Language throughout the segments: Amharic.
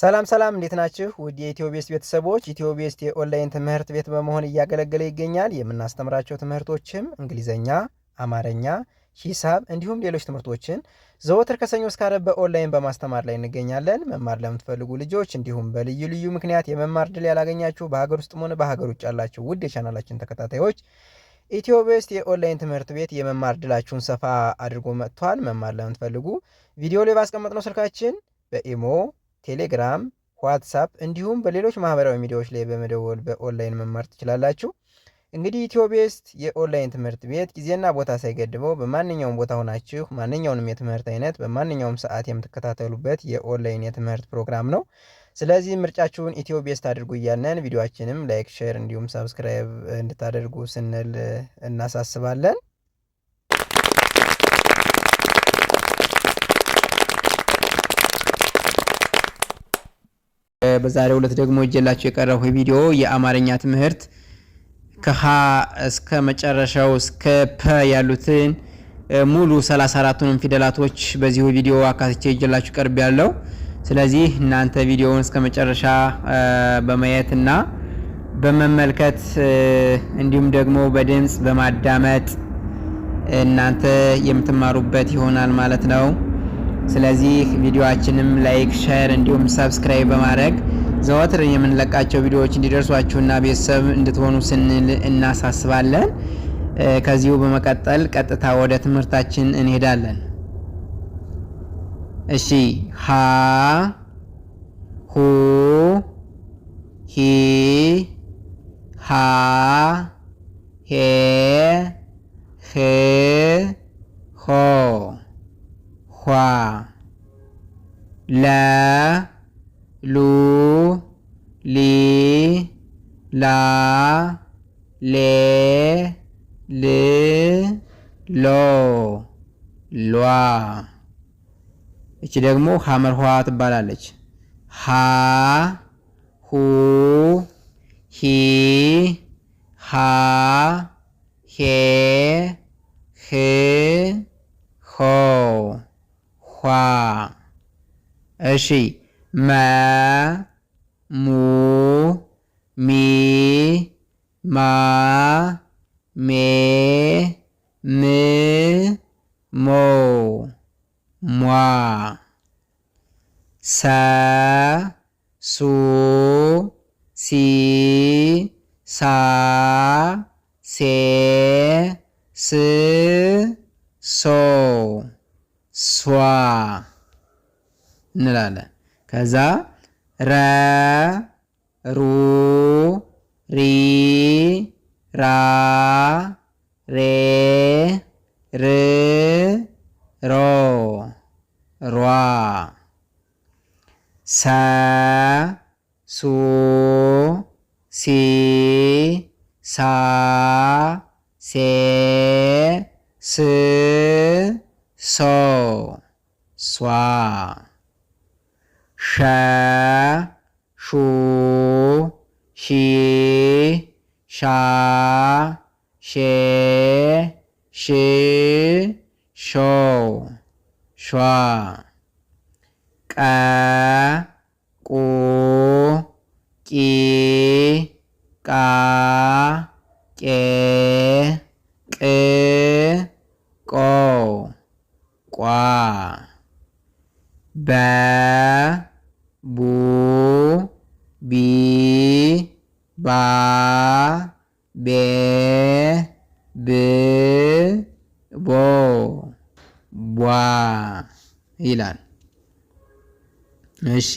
ሰላም ሰላም፣ እንዴት ናችሁ? ውድ የኢትዮቤስ ቤተሰቦች ኢትዮቤስ የኦንላይን ትምህርት ቤት በመሆን እያገለገለ ይገኛል። የምናስተምራቸው ትምህርቶችም እንግሊዘኛ አማርኛ፣ ሂሳብ እንዲሁም ሌሎች ትምህርቶችን ዘወትር ከሰኞ እስከ ዓርብ በኦንላይን በማስተማር ላይ እንገኛለን። መማር ለምትፈልጉ ልጆች እንዲሁም በልዩ ልዩ ምክንያት የመማር ድል ያላገኛችሁ በሀገር ውስጥም ሆነ በሀገር ውጭ ያላችሁ ውድ የቻናላችን ተከታታዮች ኢትዮቤስት የኦንላይን ትምህርት ቤት የመማር ድላችሁን ሰፋ አድርጎ መጥቷል። መማር ለምትፈልጉ ቪዲዮ ላይ ባስቀመጥነው ስልካችን በኢሞ ቴሌግራም፣ ዋትሳፕ እንዲሁም በሌሎች ማህበራዊ ሚዲያዎች ላይ በመደወል በኦንላይን መማር ትችላላችሁ። እንግዲህ ኢትዮ ቤስት የኦንላይን ትምህርት ቤት ጊዜና ቦታ ሳይገድበው በማንኛውም ቦታ ሆናችሁ ማንኛውንም የትምህርት አይነት በማንኛውም ሰዓት የምትከታተሉበት የኦንላይን የትምህርት ፕሮግራም ነው። ስለዚህ ምርጫችሁን ኢትዮ ቤስት አድርጉ እያለን ቪዲዮችንም ላይክ፣ ሼር እንዲሁም ሰብስክራይብ እንድታደርጉ ስንል እናሳስባለን። በዛሬው ዕለት ደግሞ እጀላችሁ የቀረበው ቪዲዮ የአማርኛ ትምህርት ከሀ እስከ መጨረሻው እስከ ፐ ያሉትን ሙሉ 34ቱንም ፊደላቶች በዚሁ ቪዲዮ አካትቼ እጀላችሁ ቀርብ ያለው። ስለዚህ እናንተ ቪዲዮውን እስከ መጨረሻ በማየትና በመመልከት እንዲሁም ደግሞ በድምፅ በማዳመጥ እናንተ የምትማሩበት ይሆናል ማለት ነው። ስለዚህ ቪዲዮአችንም ላይክ፣ ሼር እንዲሁም ሰብስክራይብ በማድረግ ዘወትር የምንለቃቸው ቪዲዮዎች እንዲደርሷችሁና ቤተሰብ እንድትሆኑ ስንል እናሳስባለን። ከዚሁ በመቀጠል ቀጥታ ወደ ትምህርታችን እንሄዳለን። እሺ ሀ ሁ ሂ ሃ ሄ ህ ሆ ኳ ለ ሉ ሊ ላ ሌ ል ሎ ሏ። እቺ ደግሞ ሀመር ኋ ትባላለች። ሀ ሁ ሂ ሃ ሄ ህ ሆ ኳ እሺ መ ሙ ሚ ማ ሜ ም ሞ ሟ ሰ ሱ ሲ ሳ ሴ ስ ሶ ሷ እንላለን። ከዛ ረ ሩ ሪ ራ ሬ ር ሮ ሯ ሰ ሱ ሲ ሳ ሴ ስ ሶ ሷ ሸ ሹ ሺ ሻ ሼ ሽ ሾ ሿ ቀ ቁ ቂ ቃ ቄ ቅ ቋ በ ቡ ቢ ባ ቤ ብ ቦ ቧ ይላል። እሺ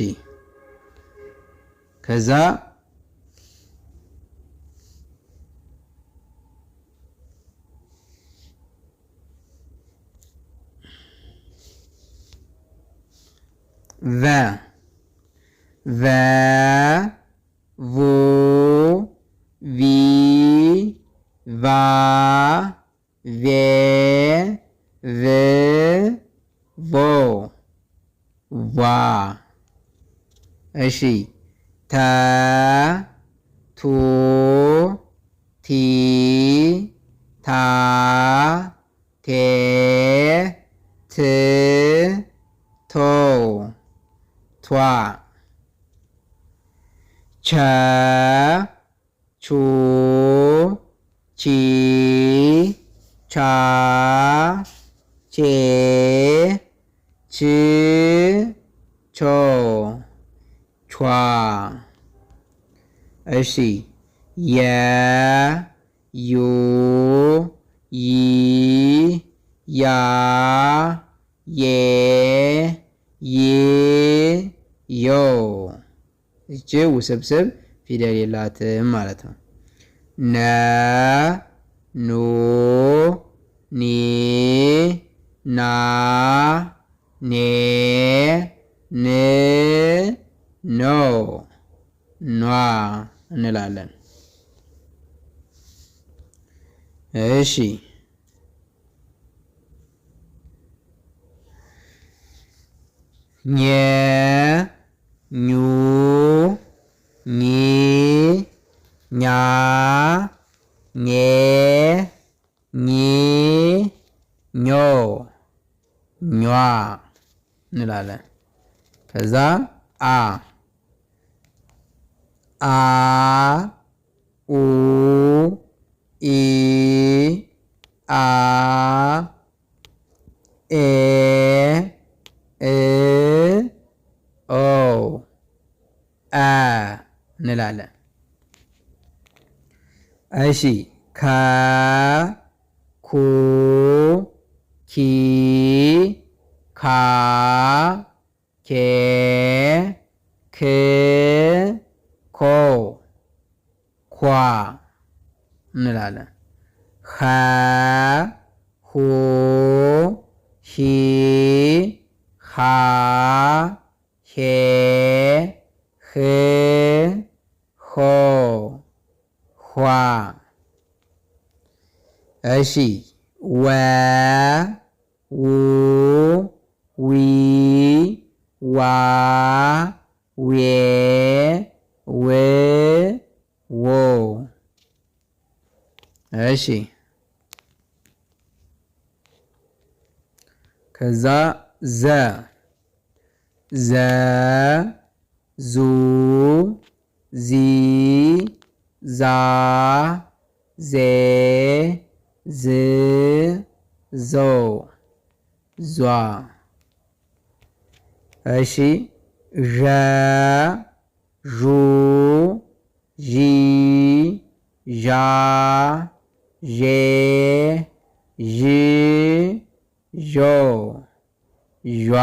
ከዛ ቨ ቨ ቮ ቪ ቫ ቬ ቭ ቮ ቫ እሺ ተ ቱ ቲ ታ ቴ ት ቷ ቸ ቹ ቺ ቻ ቼ ች ቾ ቿ እሺ የ ዩ ይ ያ ዬ ይ ዮ እቺ ውስብስብ ፊደል የላትም ማለት ነው። ነ ኑ ኒ ና ኔ ን ኖ ኗ እንላለን። እሺ ኘ እንላለን። ከዛ አ አ ኡ ኢ አ ኤ እ ኦ አ እንላለን። እሺ ከ ኩ ኪ 가, 게, 그, 고, 과, 라는 하, 후, 히, 하, 해, 흐, 호, 화. 어시, 와, 우, ዊ ዋ ዌ ው ዎ። እሺ ከዛ ዘ ዘ ዙ ዚ ዛ ዜ ዝ ዞ ዟ እሺ ዣ ዡ ዢ ዣ ዤ ዢ ዦ ዣ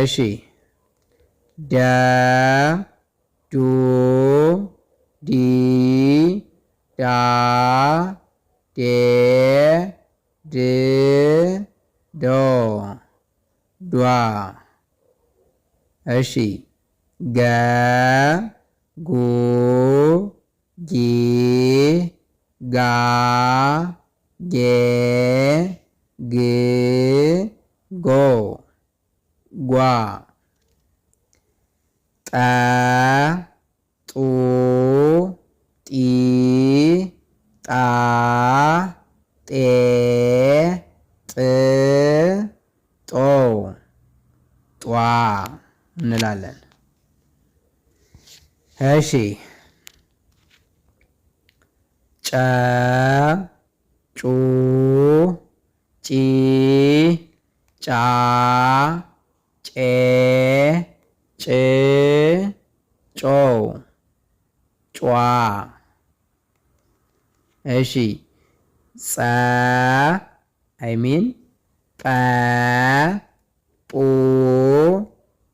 እሺ ደ ዱ ዲ ዳ ዴ ድ ዶ ዷ እሺ ገ ጉ ጊ ጋ ጌ ግ ጎ ጓ ጠ ጡ ጢ ጣ ጤ ጥ እንላለን። እሺ ጨ ጩ ጪ ጫ ጬ ጭ ጮ ጯ እሺ ጸ አይሚን ጠ ጡ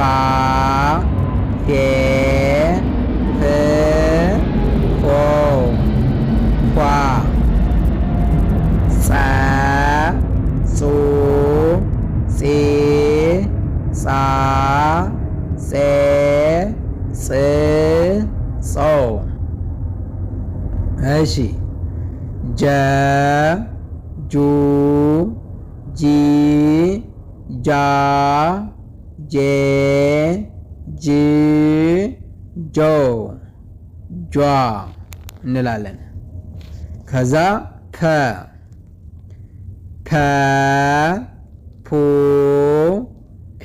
ፋ ፌ ፍ ፎ ፏ ጸ ጹ ጺ ጻ ጼ ጽ ጾ እሺ ጀ ጁ ጂ ጃ ጄ ጅ ጆ ጇ እንላለን። ከዛ ከ ከ ፑ ፒ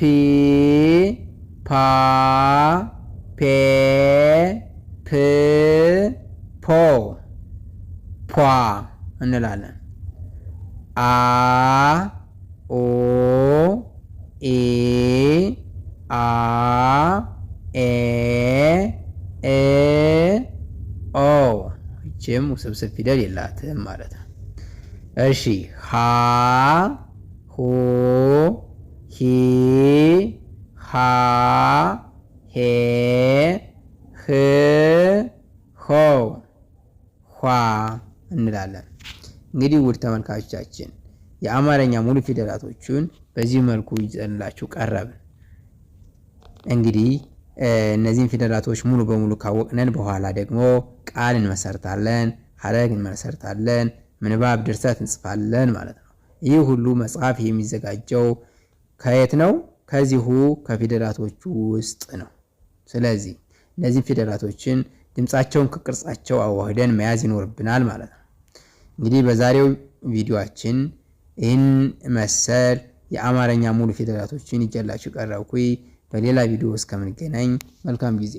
ፓ ፔ ፕ ፖ ፖ እንላለን። አ ኦ ኤ ይችም ውስብስብ ፊደል የላትም ማለት ነው። እሺ ሀ ሆ ሂ ሃ ሄ ህ ሆ ኋ እንላለን። እንግዲህ ውድ ተመልካቾቻችን የአማርኛ ሙሉ ፊደላቶቹን በዚህ መልኩ ይዘንላችሁ ቀረብን እንግዲህ እነዚህን ፊደላቶች ሙሉ በሙሉ ካወቅነን በኋላ ደግሞ ቃል እንመሰርታለን፣ ሀረግ እንመሰርታለን፣ ምንባብ ድርሰት እንጽፋለን ማለት ነው። ይህ ሁሉ መጽሐፍ የሚዘጋጀው ከየት ነው? ከዚሁ ከፊደላቶቹ ውስጥ ነው። ስለዚህ እነዚህን ፊደላቶችን ድምፃቸውን ከቅርጻቸው አዋህደን መያዝ ይኖርብናል ማለት ነው። እንግዲህ በዛሬው ቪዲዮአችን ይህን መሰል የአማርኛ ሙሉ ፊደላቶችን ይጀላችሁ ቀረብኩኝ። በሌላ ቪዲዮ እስከምንገናኝ መልካም ጊዜ